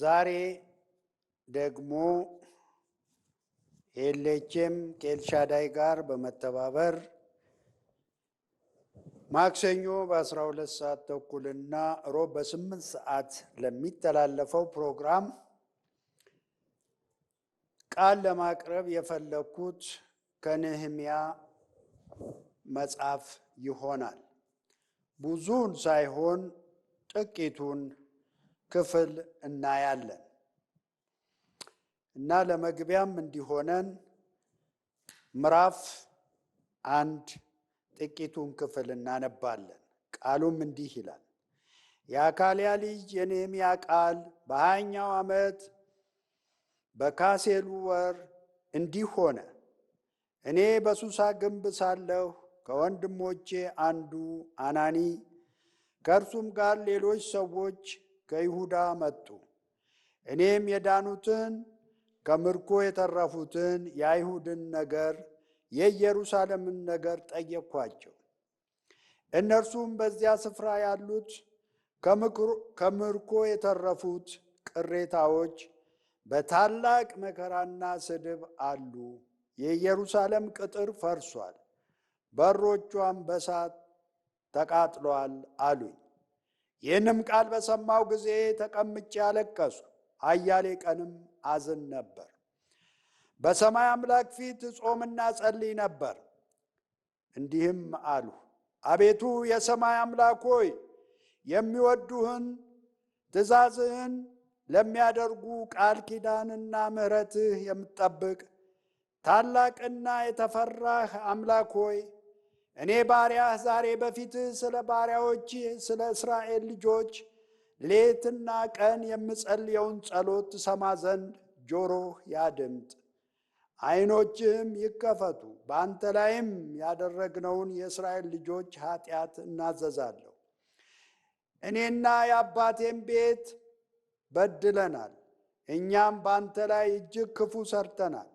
ዛሬ ደግሞ ኤልኤችም ከኤልሻዳይ ጋር በመተባበር ማክሰኞ በ12 ሰዓት ተኩልና ሮብ በ8 ሰዓት ለሚተላለፈው ፕሮግራም ቃል ለማቅረብ የፈለግኩት ከነህምያ መጽሐፍ ይሆናል። ብዙውን ሳይሆን ጥቂቱን ክፍል እናያለን እና ለመግቢያም እንዲሆነን ምዕራፍ አንድ ጥቂቱን ክፍል እናነባለን። ቃሉም እንዲህ ይላል። የአካልያ ልጅ የኔምያ ቃል በሃያኛው ዓመት በካሴሉ ወር እንዲህ ሆነ። እኔ በሱሳ ግንብ ሳለሁ ከወንድሞቼ አንዱ አናኒ ከእርሱም ጋር ሌሎች ሰዎች ከይሁዳ መጡ። እኔም የዳኑትን ከምርኮ የተረፉትን የአይሁድን ነገር የኢየሩሳሌምን ነገር ጠየቅኳቸው። እነርሱም በዚያ ስፍራ ያሉት ከምርኮ የተረፉት ቅሬታዎች በታላቅ መከራና ስድብ አሉ። የኢየሩሳሌም ቅጥር ፈርሷል፣ በሮቿም በሳት ተቃጥሏል አሉኝ። ይህንም ቃል በሰማው ጊዜ ተቀምጬ አለቀሱ፣ አያሌ ቀንም አዝን ነበር። በሰማይ አምላክ ፊት ጾምና ጸልይ ነበር። እንዲህም አሉ፣ አቤቱ የሰማይ አምላክ ሆይ የሚወዱህን ትእዛዝህን ለሚያደርጉ ቃል ኪዳንና ምሕረትህ የምትጠብቅ ታላቅና የተፈራህ አምላክ ሆይ እኔ ባሪያህ ዛሬ በፊትህ ስለ ባሪያዎች ስለ እስራኤል ልጆች ሌትና ቀን የምጸልየውን ጸሎት ትሰማ ዘንድ ጆሮህ ያድምጥ፣ ዓይኖችህም ይከፈቱ። በአንተ ላይም ያደረግነውን የእስራኤል ልጆች ኃጢአት እናዘዛለሁ። እኔና የአባቴም ቤት በድለናል፣ እኛም በአንተ ላይ እጅግ ክፉ ሰርተናል።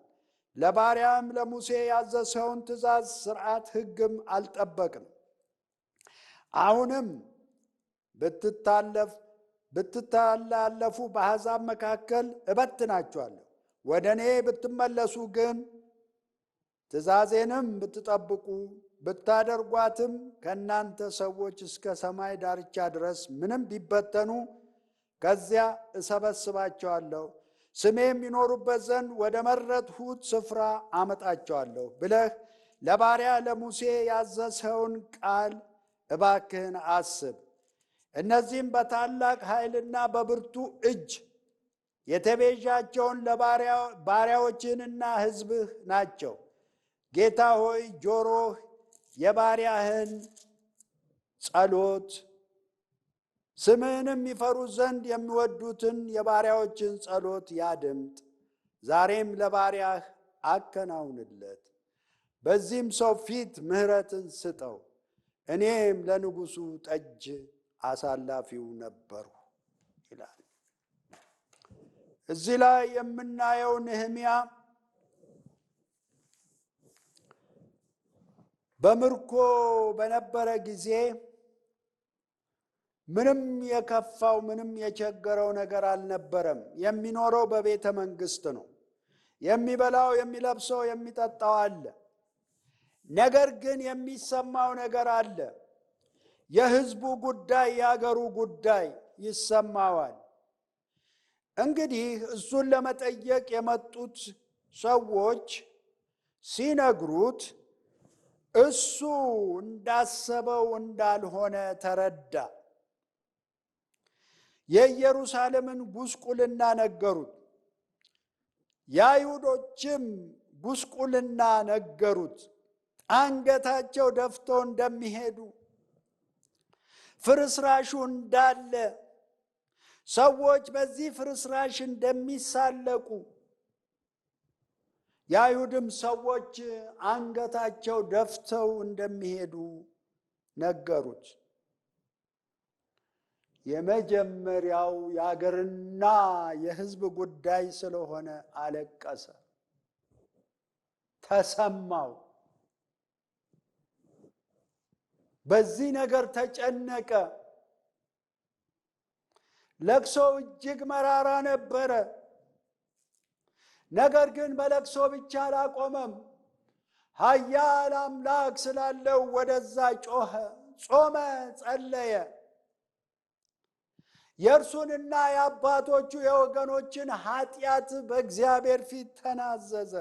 ለባሪያም ለሙሴ ያዘሰውን ትእዛዝ፣ ስርዓት፣ ህግም አልጠበቅም። አሁንም ብትታለፍ ብትተላለፉ በአሕዛብ መካከል እበትናችኋለሁ። ወደ እኔ ብትመለሱ ግን ትእዛዜንም ብትጠብቁ ብታደርጓትም ከእናንተ ሰዎች እስከ ሰማይ ዳርቻ ድረስ ምንም ቢበተኑ ከዚያ እሰበስባቸዋለሁ ስሜ የሚኖሩበት ዘንድ ወደ መረጥሁት ስፍራ አመጣቸዋለሁ ብለህ ለባሪያ ለሙሴ ያዘሰውን ቃል እባክህን አስብ። እነዚህም በታላቅ ኃይልና በብርቱ እጅ የተቤዣቸውን ለባሪያዎችህንና ሕዝብህ ናቸው። ጌታ ሆይ ጆሮህ የባሪያህን ጸሎት ስምህንም የሚፈሩ ዘንድ የሚወዱትን የባሪያዎችን ጸሎት ያድምጥ። ዛሬም ለባሪያህ አከናውንለት፣ በዚህም ሰው ፊት ምሕረትን ስጠው። እኔም ለንጉሡ ጠጅ አሳላፊው ነበሩ ይላል። እዚህ ላይ የምናየው ነህምያ በምርኮ በነበረ ጊዜ ምንም የከፋው ምንም የቸገረው ነገር አልነበረም። የሚኖረው በቤተ መንግስት ነው። የሚበላው የሚለብሰው፣ የሚጠጣው አለ። ነገር ግን የሚሰማው ነገር አለ። የህዝቡ ጉዳይ፣ የአገሩ ጉዳይ ይሰማዋል። እንግዲህ እሱን ለመጠየቅ የመጡት ሰዎች ሲነግሩት እሱ እንዳሰበው እንዳልሆነ ተረዳ። የኢየሩሳሌምን ጉስቁልና ነገሩት። የአይሁዶችም ጉስቁልና ነገሩት። አንገታቸው ደፍተው እንደሚሄዱ ፍርስራሹ እንዳለ ሰዎች በዚህ ፍርስራሽ እንደሚሳለቁ የአይሁድም ሰዎች አንገታቸው ደፍተው እንደሚሄዱ ነገሩት። የመጀመሪያው የአገርና የሕዝብ ጉዳይ ስለሆነ አለቀሰ፣ ተሰማው፣ በዚህ ነገር ተጨነቀ። ለቅሶ እጅግ መራራ ነበረ። ነገር ግን በለቅሶ ብቻ አላቆመም። ኃያል አምላክ ስላለው ወደዛ ጮኸ፣ ጾመ፣ ጸለየ። የእርሱንና የአባቶቹ የወገኖችን ኃጢአት በእግዚአብሔር ፊት ተናዘዘ።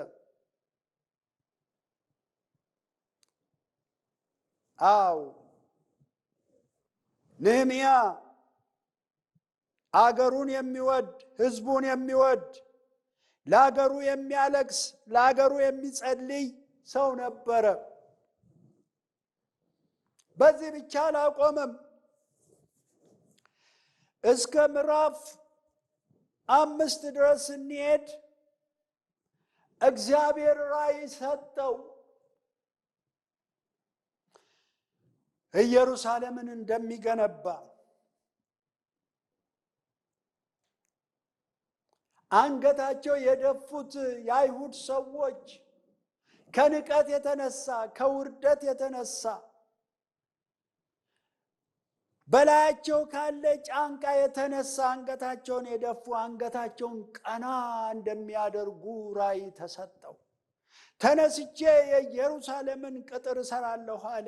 አው ንህምያ አገሩን የሚወድ ህዝቡን የሚወድ ለአገሩ የሚያለቅስ ለአገሩ የሚጸልይ ሰው ነበረ። በዚህ ብቻ አላቆመም። እስከ ምዕራፍ አምስት ድረስ እንሄድ። እግዚአብሔር ራእይ ሰጠው። ኢየሩሳሌምን እንደሚገነባ አንገታቸው የደፉት የአይሁድ ሰዎች ከንቀት የተነሳ ከውርደት የተነሳ በላያቸው ካለ ጫንቃ የተነሳ አንገታቸውን የደፉ አንገታቸውን ቀና እንደሚያደርጉ ራይ ተሰጠው። ተነስቼ የኢየሩሳሌምን ቅጥር እሰራለሁ አለ።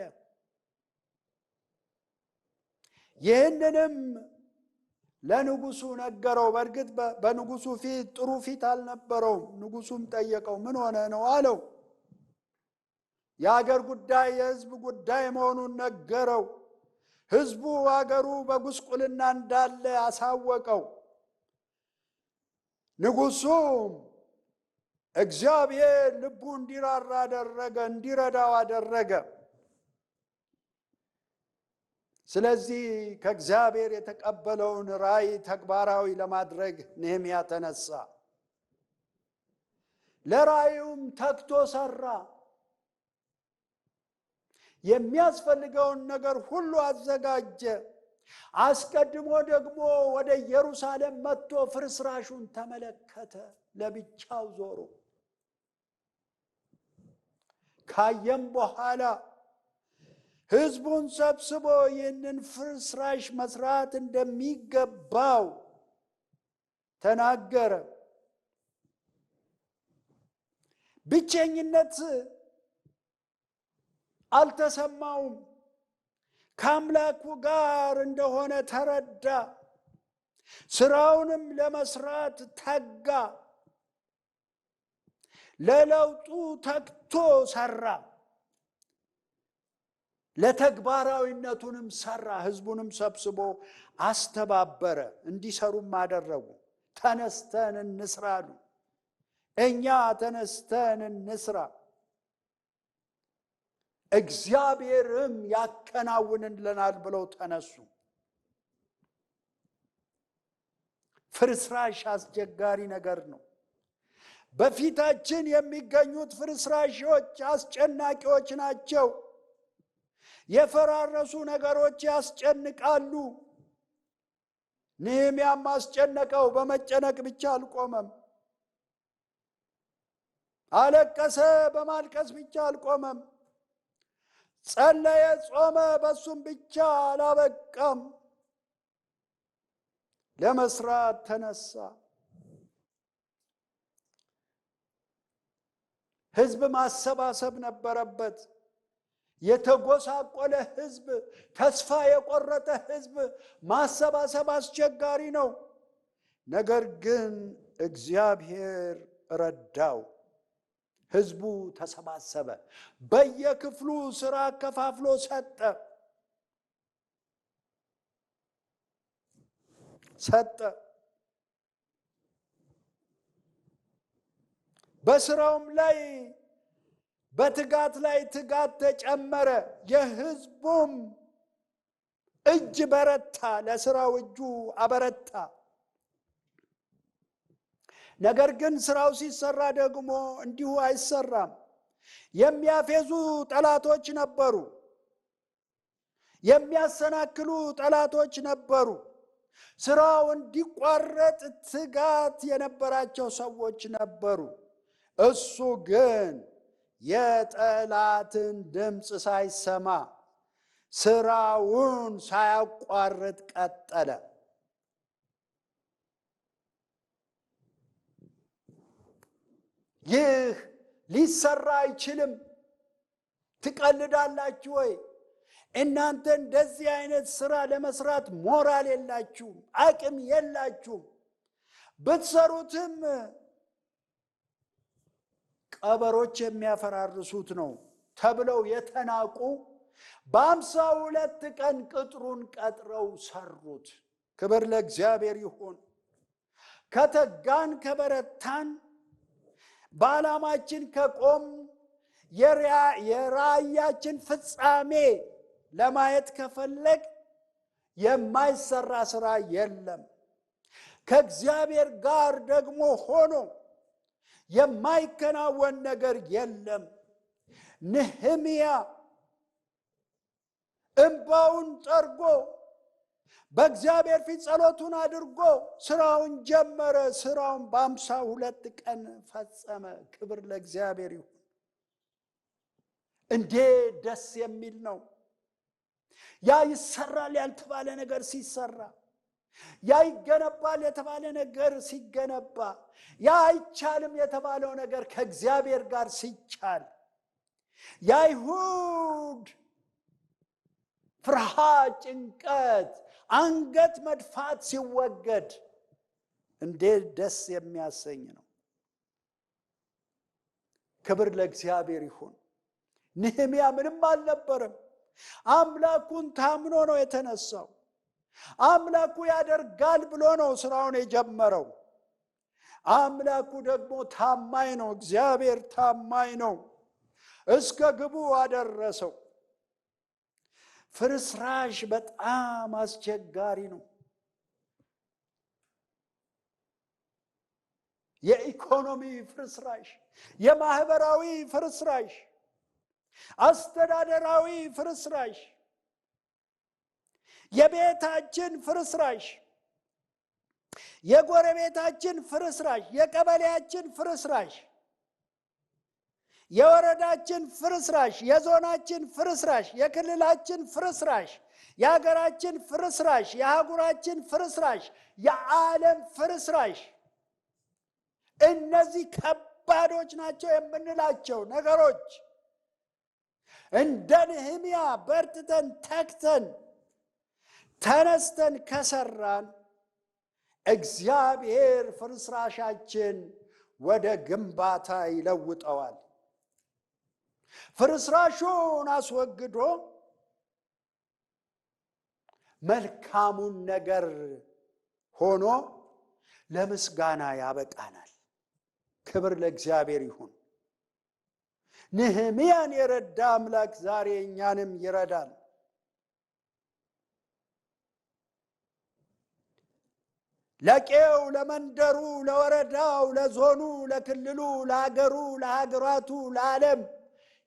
ይህንንም ለንጉሱ ነገረው። በእርግጥ በንጉሱ ፊት ጥሩ ፊት አልነበረውም። ንጉሱም ጠየቀው፣ ምን ሆነ ነው አለው። የአገር ጉዳይ የሕዝብ ጉዳይ መሆኑን ነገረው። ሕዝቡ አገሩ በጉስቁልና እንዳለ አሳወቀው። ንጉሱ እግዚአብሔር ልቡ እንዲራራ አደረገ፣ እንዲረዳው አደረገ። ስለዚህ ከእግዚአብሔር የተቀበለውን ራእይ ተግባራዊ ለማድረግ ኔህምያ ተነሳ። ለራእዩም ተግቶ ሰራ። የሚያስፈልገውን ነገር ሁሉ አዘጋጀ። አስቀድሞ ደግሞ ወደ ኢየሩሳሌም መጥቶ ፍርስራሹን ተመለከተ። ለብቻው ዞሮ ካየም በኋላ ሕዝቡን ሰብስቦ ይህንን ፍርስራሽ መስራት እንደሚገባው ተናገረ። ብቸኝነት አልተሰማውም። ከአምላኩ ጋር እንደሆነ ተረዳ። ስራውንም ለመስራት ተጋ። ለለውጡ ተግቶ ሰራ። ለተግባራዊነቱንም ሰራ። ህዝቡንም ሰብስቦ አስተባበረ። እንዲሰሩም አደረጉ። ተነስተን እንስራ አሉ። እኛ ተነስተን እንስራ። እግዚአብሔርም ያከናውንልናል ብለው ተነሱ። ፍርስራሽ አስቸጋሪ ነገር ነው። በፊታችን የሚገኙት ፍርስራሾች አስጨናቂዎች ናቸው። የፈራረሱ ነገሮች ያስጨንቃሉ። ንህምያም አስጨነቀው። በመጨነቅ ብቻ አልቆመም። አለቀሰ። በማልቀስ ብቻ አልቆመም። ጸለየ፣ ጾመ። በሱም ብቻ አላበቃም፣ ለመስራት ተነሳ። ህዝብ ማሰባሰብ ነበረበት። የተጎሳቆለ ህዝብ፣ ተስፋ የቆረጠ ህዝብ ማሰባሰብ አስቸጋሪ ነው። ነገር ግን እግዚአብሔር ረዳው። ህዝቡ ተሰባሰበ። በየክፍሉ ስራ ከፋፍሎ ሰጠ ሰጠ። በስራውም ላይ በትጋት ላይ ትጋት ተጨመረ። የህዝቡም እጅ በረታ፣ ለስራው እጁ አበረታ። ነገር ግን ስራው ሲሰራ ደግሞ እንዲሁ አይሰራም። የሚያፌዙ ጠላቶች ነበሩ፣ የሚያሰናክሉ ጠላቶች ነበሩ። ስራው እንዲቋረጥ ትጋት የነበራቸው ሰዎች ነበሩ። እሱ ግን የጠላትን ድምፅ ሳይሰማ ስራውን ሳያቋርጥ ቀጠለ። ይህ ሊሰራ አይችልም። ትቀልዳላችሁ ወይ? እናንተ እንደዚህ አይነት ስራ ለመስራት ሞራል የላችሁም፣ አቅም የላችሁም። ብትሰሩትም ቀበሮች የሚያፈራርሱት ነው ተብለው የተናቁ በአምሳ ሁለት ቀን ቅጥሩን ቀጥረው ሰሩት። ክብር ለእግዚአብሔር ይሁን። ከተጋን ከበረታን በዓላማችን ከቆም የራያችን ፍጻሜ ለማየት ከፈለግ የማይሰራ ስራ የለም። ከእግዚአብሔር ጋር ደግሞ ሆኖ የማይከናወን ነገር የለም። ንህምያ እምባውን ጠርጎ በእግዚአብሔር ፊት ጸሎቱን አድርጎ ስራውን ጀመረ። ስራውን በአምሳ ሁለት ቀን ፈጸመ። ክብር ለእግዚአብሔር ይሁን። እንዴ ደስ የሚል ነው! ያ ይሰራል ያልተባለ ነገር ሲሰራ፣ ያ ይገነባል የተባለ ነገር ሲገነባ፣ ያ አይቻልም የተባለው ነገር ከእግዚአብሔር ጋር ሲቻል፣ የአይሁድ ፍርሃ ጭንቀት አንገት መድፋት ሲወገድ እንዴት ደስ የሚያሰኝ ነው። ክብር ለእግዚአብሔር ይሁን። ንህሚያ ምንም አልነበረም። አምላኩን ታምኖ ነው የተነሳው። አምላኩ ያደርጋል ብሎ ነው ስራውን የጀመረው። አምላኩ ደግሞ ታማኝ ነው። እግዚአብሔር ታማኝ ነው። እስከ ግቡ አደረሰው። ፍርስራሽ በጣም አስቸጋሪ ነው። የኢኮኖሚ ፍርስራሽ፣ የማህበራዊ ፍርስራሽ፣ አስተዳደራዊ ፍርስራሽ፣ የቤታችን ፍርስራሽ፣ የጎረቤታችን ፍርስራሽ፣ የቀበሌያችን ፍርስራሽ የወረዳችን ፍርስራሽ፣ የዞናችን ፍርስራሽ፣ የክልላችን ፍርስራሽ፣ የሀገራችን ፍርስራሽ፣ የአህጉራችን ፍርስራሽ፣ የዓለም ፍርስራሽ እነዚህ ከባዶች ናቸው የምንላቸው ነገሮች እንደ ንህምያ በርትተን ተክተን ተነስተን ከሰራን እግዚአብሔር ፍርስራሻችን ወደ ግንባታ ይለውጠዋል። ፍርስራሹን አስወግዶ መልካሙን ነገር ሆኖ ለምስጋና ያበቃናል። ክብር ለእግዚአብሔር ይሁን። ንህምያን የረዳ አምላክ ዛሬ እኛንም ይረዳል። ለቄው፣ ለመንደሩ፣ ለወረዳው፣ ለዞኑ፣ ለክልሉ፣ ለአገሩ፣ ለሀገራቱ፣ ለዓለም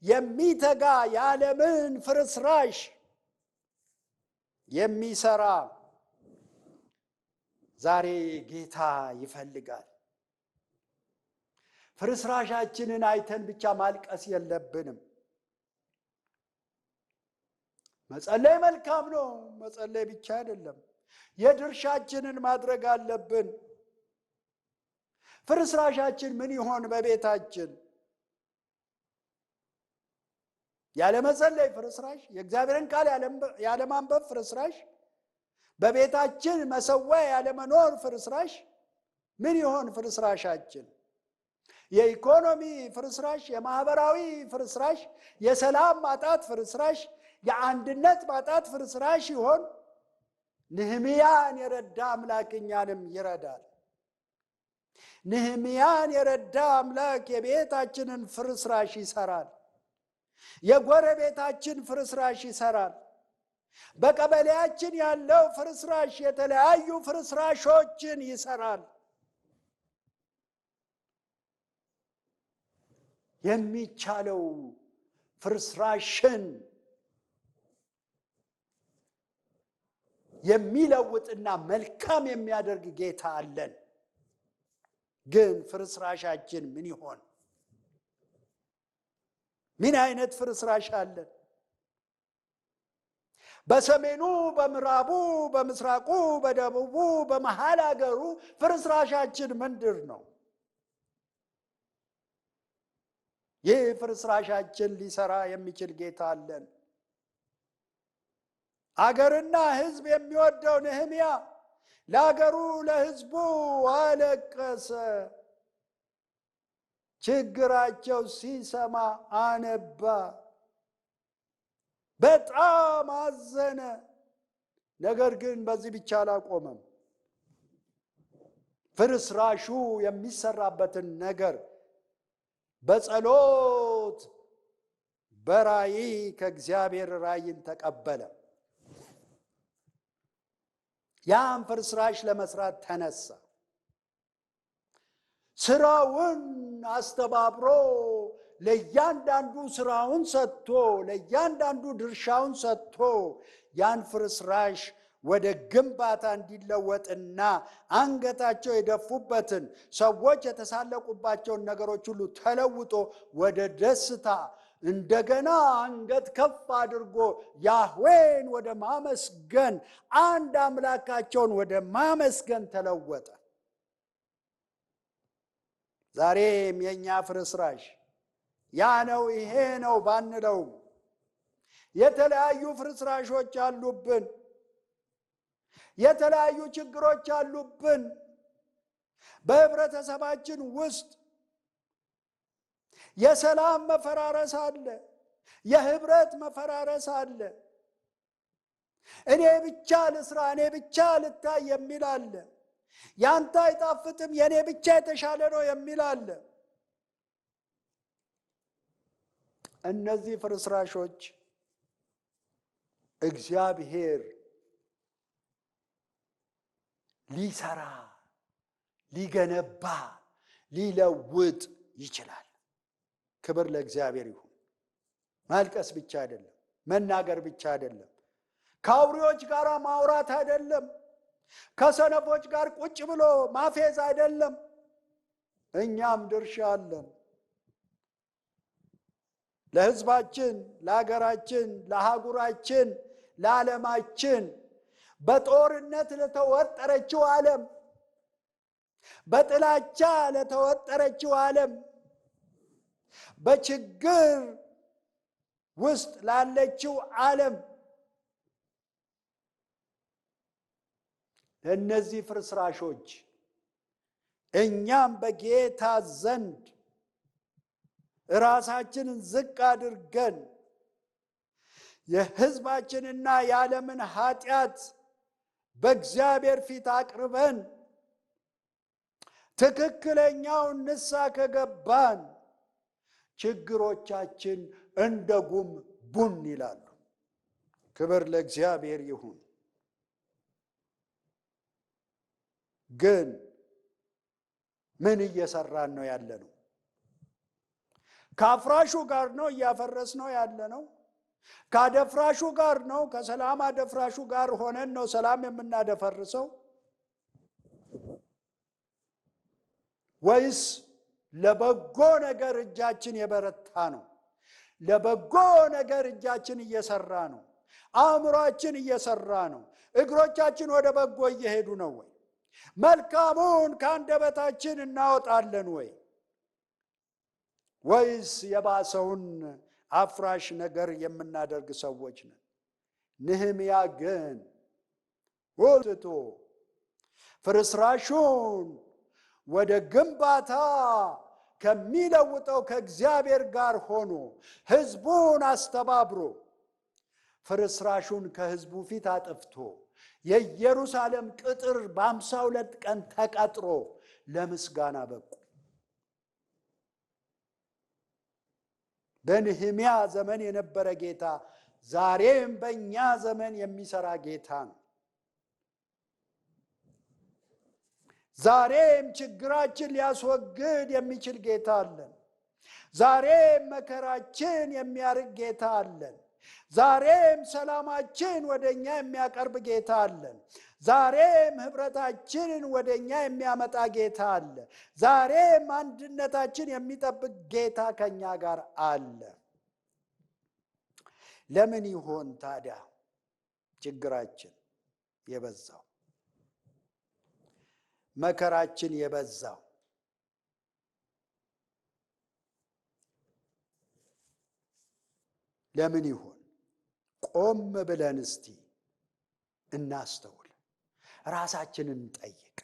የሚተጋ የዓለምን ፍርስራሽ የሚሰራ ዛሬ ጌታ ይፈልጋል። ፍርስራሻችንን አይተን ብቻ ማልቀስ የለብንም። መጸለይ መልካም ነው። መጸለይ ብቻ አይደለም፣ የድርሻችንን ማድረግ አለብን። ፍርስራሻችን ምን ይሆን በቤታችን? ያለመጸለይ ፍርስራሽ፣ የእግዚአብሔርን ቃል ያለማንበብ ፍርስራሽ፣ በቤታችን መሰዊያ ያለመኖር ፍርስራሽ። ምን ይሆን ፍርስራሻችን? የኢኮኖሚ ፍርስራሽ፣ የማህበራዊ ፍርስራሽ፣ የሰላም ማጣት ፍርስራሽ፣ የአንድነት ማጣት ፍርስራሽ ይሆን? ንህምያን የረዳ አምላክ እኛንም ይረዳል። ንህምያን የረዳ አምላክ የቤታችንን ፍርስራሽ ይሰራል። የጎረቤታችን ፍርስራሽ ይሰራል። በቀበሌያችን ያለው ፍርስራሽ የተለያዩ ፍርስራሾችን ይሰራል። የሚቻለው ፍርስራሽን የሚለውጥና መልካም የሚያደርግ ጌታ አለን። ግን ፍርስራሻችን ምን ይሆን? ምን አይነት ፍርስራሽ አለን? በሰሜኑ፣ በምዕራቡ፣ በምስራቁ፣ በደቡቡ፣ በመሃል አገሩ ፍርስራሻችን ምንድር ነው? ይህ ፍርስራሻችን ሊሰራ የሚችል ጌታ አለን። አገርና ሕዝብ የሚወደው ነህምያ ለአገሩ ለሕዝቡ አለቀሰ። ችግራቸው ሲሰማ አነባ፣ በጣም አዘነ። ነገር ግን በዚህ ብቻ አላቆመም። ፍርስራሹ የሚሰራበትን ነገር በጸሎት በራይ ከእግዚአብሔር ራይን ተቀበለ። ያን ፍርስራሽ ለመስራት ተነሳ። ስራውን አስተባብሮ ለእያንዳንዱ ስራውን ሰጥቶ ለእያንዳንዱ ድርሻውን ሰጥቶ ያን ፍርስራሽ ወደ ግንባታ እንዲለወጥና አንገታቸው የደፉበትን ሰዎች የተሳለቁባቸውን ነገሮች ሁሉ ተለውጦ ወደ ደስታ እንደገና አንገት ከፍ አድርጎ ያህዌን ወደ ማመስገን አንድ አምላካቸውን ወደ ማመስገን ተለወጠ። ዛሬም የእኛ ፍርስራሽ ያ ነው ይሄ ነው ባንለውም የተለያዩ ፍርስራሾች አሉብን። የተለያዩ ችግሮች አሉብን። በህብረተሰባችን ውስጥ የሰላም መፈራረስ አለ፣ የህብረት መፈራረስ አለ። እኔ ብቻ ልስራ፣ እኔ ብቻ ልታይ የሚል አለ። ያንተ አይጣፍጥም፣ የእኔ ብቻ የተሻለ ነው የሚል አለ። እነዚህ ፍርስራሾች እግዚአብሔር ሊሰራ ሊገነባ ሊለውጥ ይችላል። ክብር ለእግዚአብሔር ይሁን። ማልቀስ ብቻ አይደለም፣ መናገር ብቻ አይደለም፣ ከአውሬዎች ጋር ማውራት አይደለም ከሰነፎች ጋር ቁጭ ብሎ ማፌዝ አይደለም። እኛም ድርሻ አለን። ለሕዝባችን፣ ለሀገራችን፣ ለአህጉራችን፣ ለዓለማችን በጦርነት ለተወጠረችው ዓለም በጥላቻ ለተወጠረችው ዓለም በችግር ውስጥ ላለችው ዓለም ለእነዚህ ፍርስራሾች እኛም በጌታ ዘንድ ራሳችንን ዝቅ አድርገን የሕዝባችንና የዓለምን ኃጢአት በእግዚአብሔር ፊት አቅርበን ትክክለኛውን ንሳ ከገባን ችግሮቻችን እንደ ጉም ቡን ይላሉ። ክብር ለእግዚአብሔር ይሁን። ግን ምን እየሰራን ነው ያለ ነው? ከአፍራሹ ጋር ነው እያፈረስ ነው ያለ ነው። ከአደፍራሹ ጋር ነው ከሰላም አደፍራሹ ጋር ሆነን ነው ሰላም የምናደፈርሰው ወይስ ለበጎ ነገር እጃችን የበረታ ነው? ለበጎ ነገር እጃችን እየሰራ ነው። አእምሯችን እየሰራ ነው። እግሮቻችን ወደ በጎ እየሄዱ ነው ወይ? መልካሙን ከአንደበታችን እናወጣለን ወይ ወይስ የባሰውን አፍራሽ ነገር የምናደርግ ሰዎች ነን? ንህምያ ግን ወጥቶ ፍርስራሹን ወደ ግንባታ ከሚለውጠው ከእግዚአብሔር ጋር ሆኖ ሕዝቡን አስተባብሮ ፍርስራሹን ከህዝቡ ፊት አጥፍቶ የኢየሩሳሌም ቅጥር በአምሳ ሁለት ቀን ተቀጥሮ ለምስጋና በቁ። በንህምያ ዘመን የነበረ ጌታ ዛሬም በእኛ ዘመን የሚሰራ ጌታ ነው። ዛሬም ችግራችን ሊያስወግድ የሚችል ጌታ አለን። ዛሬም መከራችን የሚያርግ ጌታ አለን። ዛሬም ሰላማችን ወደ እኛ የሚያቀርብ ጌታ አለን። ዛሬም ህብረታችንን ወደ እኛ የሚያመጣ ጌታ አለ። ዛሬም አንድነታችን የሚጠብቅ ጌታ ከእኛ ጋር አለ። ለምን ይሆን ታዲያ ችግራችን የበዛው መከራችን የበዛው? ለምን ይሆን? ቆም ብለን እስቲ እናስተውል፣ ራሳችንን ጠይቅ።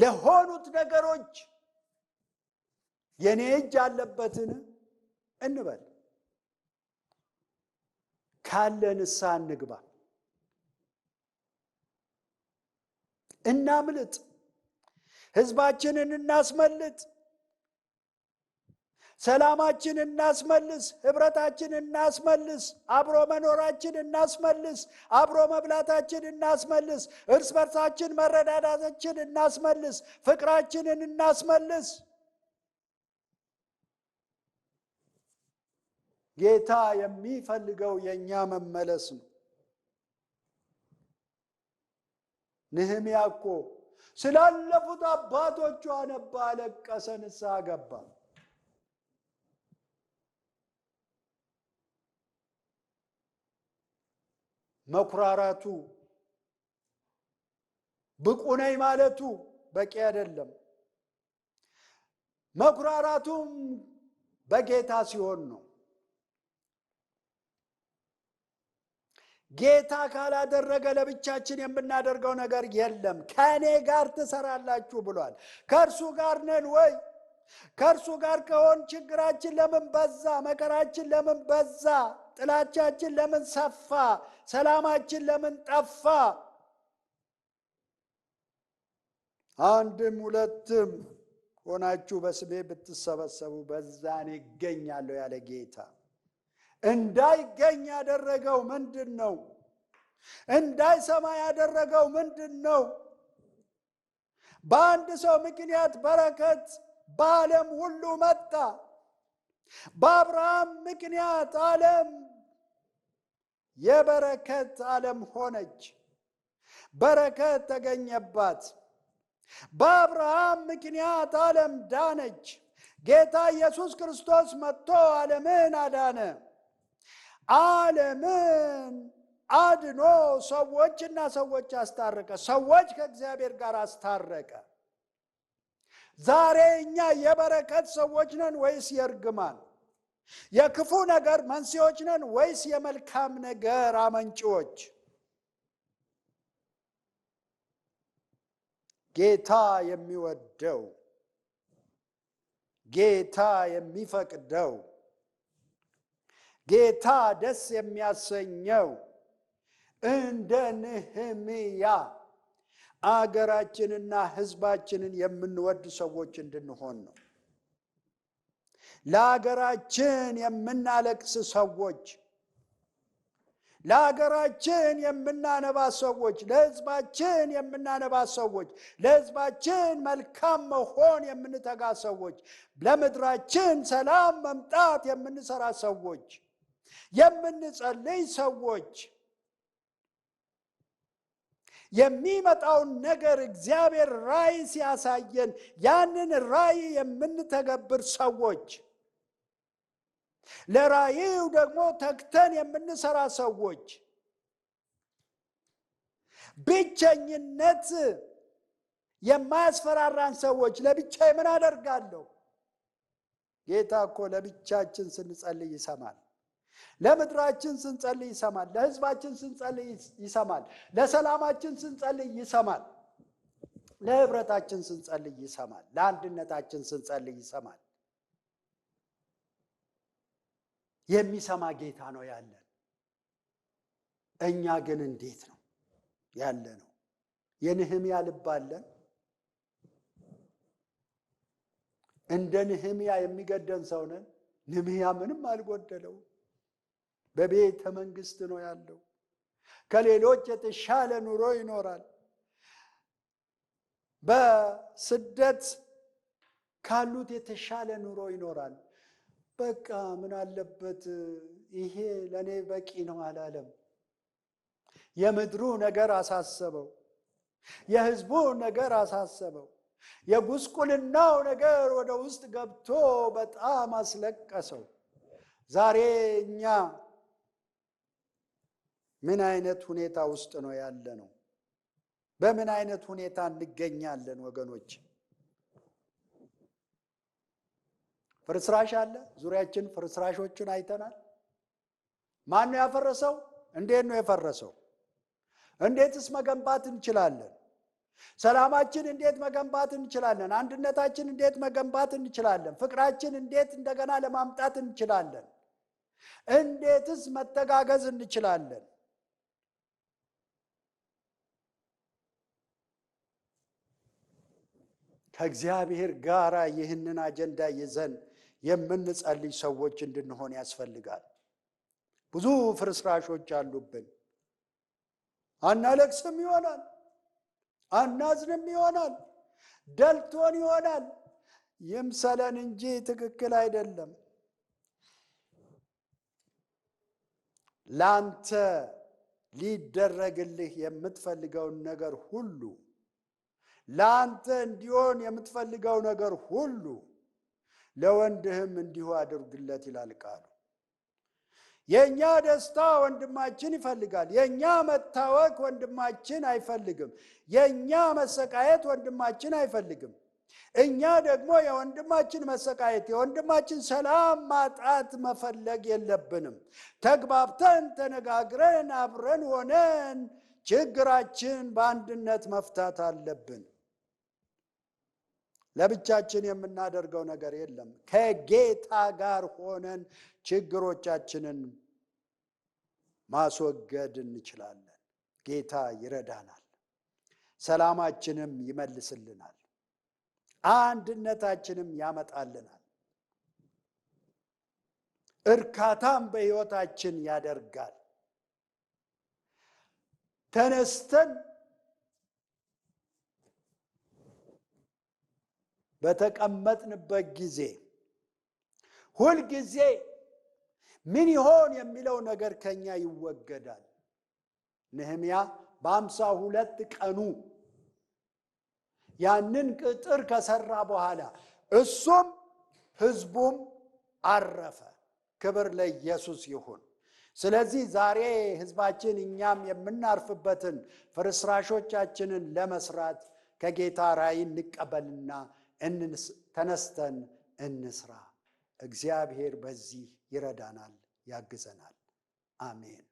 ለሆኑት ነገሮች የኔ እጅ አለበትን እንበል። ካለ ንስሐ እንግባ፣ እናምልጥ፣ ህዝባችንን እናስመልጥ። ሰላማችን እናስመልስ፣ ህብረታችን እናስመልስ፣ አብሮ መኖራችን እናስመልስ፣ አብሮ መብላታችን እናስመልስ፣ እርስ በርሳችን መረዳዳታችን እናስመልስ፣ ፍቅራችንን እናስመልስ። ጌታ የሚፈልገው የእኛ መመለስ ነው። ንህምያ እኮ ስላለፉት አባቶቿ ነባ አለቀሰ፣ ንስሐ ገባ። መኩራራቱ ብቁ ነኝ ማለቱ በቂ አይደለም። መኩራራቱም በጌታ ሲሆን ነው። ጌታ ካላደረገ ለብቻችን የምናደርገው ነገር የለም። ከእኔ ጋር ትሰራላችሁ ብሏል። ከእርሱ ጋር ነን ወይ? ከእርሱ ጋር ከሆን ችግራችን ለምን በዛ? መከራችን ለምን በዛ? ጥላቻችን ለምን ሰፋ? ሰላማችን ለምን ጠፋ? አንድም ሁለትም ሆናችሁ በስሜ ብትሰበሰቡ በዛን ይገኛለሁ ያለ ጌታ እንዳይገኝ ያደረገው ምንድን ነው? እንዳይሰማ ያደረገው ምንድን ነው? በአንድ ሰው ምክንያት በረከት በዓለም ሁሉ መጣ። በአብርሃም ምክንያት ዓለም የበረከት ዓለም ሆነች። በረከት ተገኘባት። በአብርሃም ምክንያት ዓለም ዳነች። ጌታ ኢየሱስ ክርስቶስ መጥቶ ዓለምን አዳነ። ዓለምን አድኖ ሰዎችና ሰዎች አስታረቀ። ሰዎች ከእግዚአብሔር ጋር አስታረቀ። ዛሬ እኛ የበረከት ሰዎች ነን ወይስ የእርግማን? የክፉ ነገር መንስኤዎች ነን ወይስ የመልካም ነገር አመንጭዎች ጌታ የሚወደው ጌታ የሚፈቅደው ጌታ ደስ የሚያሰኘው እንደ ንህምያ አገራችንና ህዝባችንን የምንወድ ሰዎች እንድንሆን ነው። ለሀገራችን የምናለቅስ ሰዎች፣ ለሀገራችን የምናነባ ሰዎች፣ ለሕዝባችን የምናነባ ሰዎች፣ ለሕዝባችን መልካም መሆን የምንተጋ ሰዎች፣ ለምድራችን ሰላም መምጣት የምንሰራ ሰዎች፣ የምንጸልይ ሰዎች የሚመጣውን ነገር እግዚአብሔር ራእይ ሲያሳየን ያንን ራእይ የምንተገብር ሰዎች ለራይው ደግሞ ተግተን የምንሰራ ሰዎች ብቸኝነት የማያስፈራራን ሰዎች ለብቻ ምን አደርጋለሁ? ጌታ እኮ ለብቻችን ስንጸልይ ይሰማል። ለምድራችን ስንጸልይ ይሰማል። ለሕዝባችን ስንጸልይ ይሰማል። ለሰላማችን ስንጸልይ ይሰማል። ለህብረታችን ስንጸልይ ይሰማል። ለአንድነታችን ስንጸልይ ይሰማል። የሚሰማ ጌታ ነው ያለን። እኛ ግን እንዴት ነው ያለ ነው? የንህምያ ልብ አለን? እንደ ንህምያ የሚገደን ሰው ነን? ንህምያ ምንም አልጎደለውም። በቤተ መንግስት ነው ያለው። ከሌሎች የተሻለ ኑሮ ይኖራል። በስደት ካሉት የተሻለ ኑሮ ይኖራል። በቃ ምን አለበት ይሄ ለእኔ በቂ ነው አላለም። የምድሩ ነገር አሳሰበው። የህዝቡ ነገር አሳሰበው። የጉስቁልናው ነገር ወደ ውስጥ ገብቶ በጣም አስለቀሰው። ዛሬ እኛ ምን አይነት ሁኔታ ውስጥ ነው ያለ ነው? በምን አይነት ሁኔታ እንገኛለን ወገኖች? ፍርስራሽ አለ። ዙሪያችን ፍርስራሾቹን አይተናል። ማን ነው ያፈረሰው? እንዴት ነው የፈረሰው? እንዴትስ መገንባት እንችላለን? ሰላማችን እንዴት መገንባት እንችላለን? አንድነታችን እንዴት መገንባት እንችላለን? ፍቅራችን እንዴት እንደገና ለማምጣት እንችላለን? እንዴትስ መተጋገዝ እንችላለን? ከእግዚአብሔር ጋር ይህንን አጀንዳ ይዘን የምንጸልይ ሰዎች እንድንሆን ያስፈልጋል። ብዙ ፍርስራሾች አሉብን። አናለቅስም ይሆናል፣ አናዝንም ይሆናል፣ ደልቶን ይሆናል። ይምሰለን እንጂ ትክክል አይደለም። ለአንተ ሊደረግልህ የምትፈልገውን ነገር ሁሉ ለአንተ እንዲሆን የምትፈልገው ነገር ሁሉ ለወንድህም እንዲሁ አድርግለት ይላል ቃሉ። የእኛ ደስታ ወንድማችን ይፈልጋል። የእኛ መታወክ ወንድማችን አይፈልግም። የእኛ መሰቃየት ወንድማችን አይፈልግም። እኛ ደግሞ የወንድማችን መሰቃየት፣ የወንድማችን ሰላም ማጣት መፈለግ የለብንም። ተግባብተን ተነጋግረን አብረን ሆነን ችግራችን በአንድነት መፍታት አለብን። ለብቻችን የምናደርገው ነገር የለም። ከጌታ ጋር ሆነን ችግሮቻችንን ማስወገድ እንችላለን። ጌታ ይረዳናል፣ ሰላማችንም ይመልስልናል፣ አንድነታችንም ያመጣልናል፣ እርካታም በሕይወታችን ያደርጋል። ተነስተን በተቀመጥንበት ጊዜ ሁልጊዜ ምን ይሆን የሚለው ነገር ከኛ ይወገዳል። ንህምያ በአምሳ ሁለት ቀኑ ያንን ቅጥር ከሰራ በኋላ እሱም ህዝቡም አረፈ። ክብር ለኢየሱስ ይሁን። ስለዚህ ዛሬ ህዝባችን እኛም የምናርፍበትን ፍርስራሾቻችንን ለመስራት ከጌታ ራይ እንቀበልና ተነስተን እንስራ። እግዚአብሔር በዚህ ይረዳናል፣ ያግዘናል። አሜን።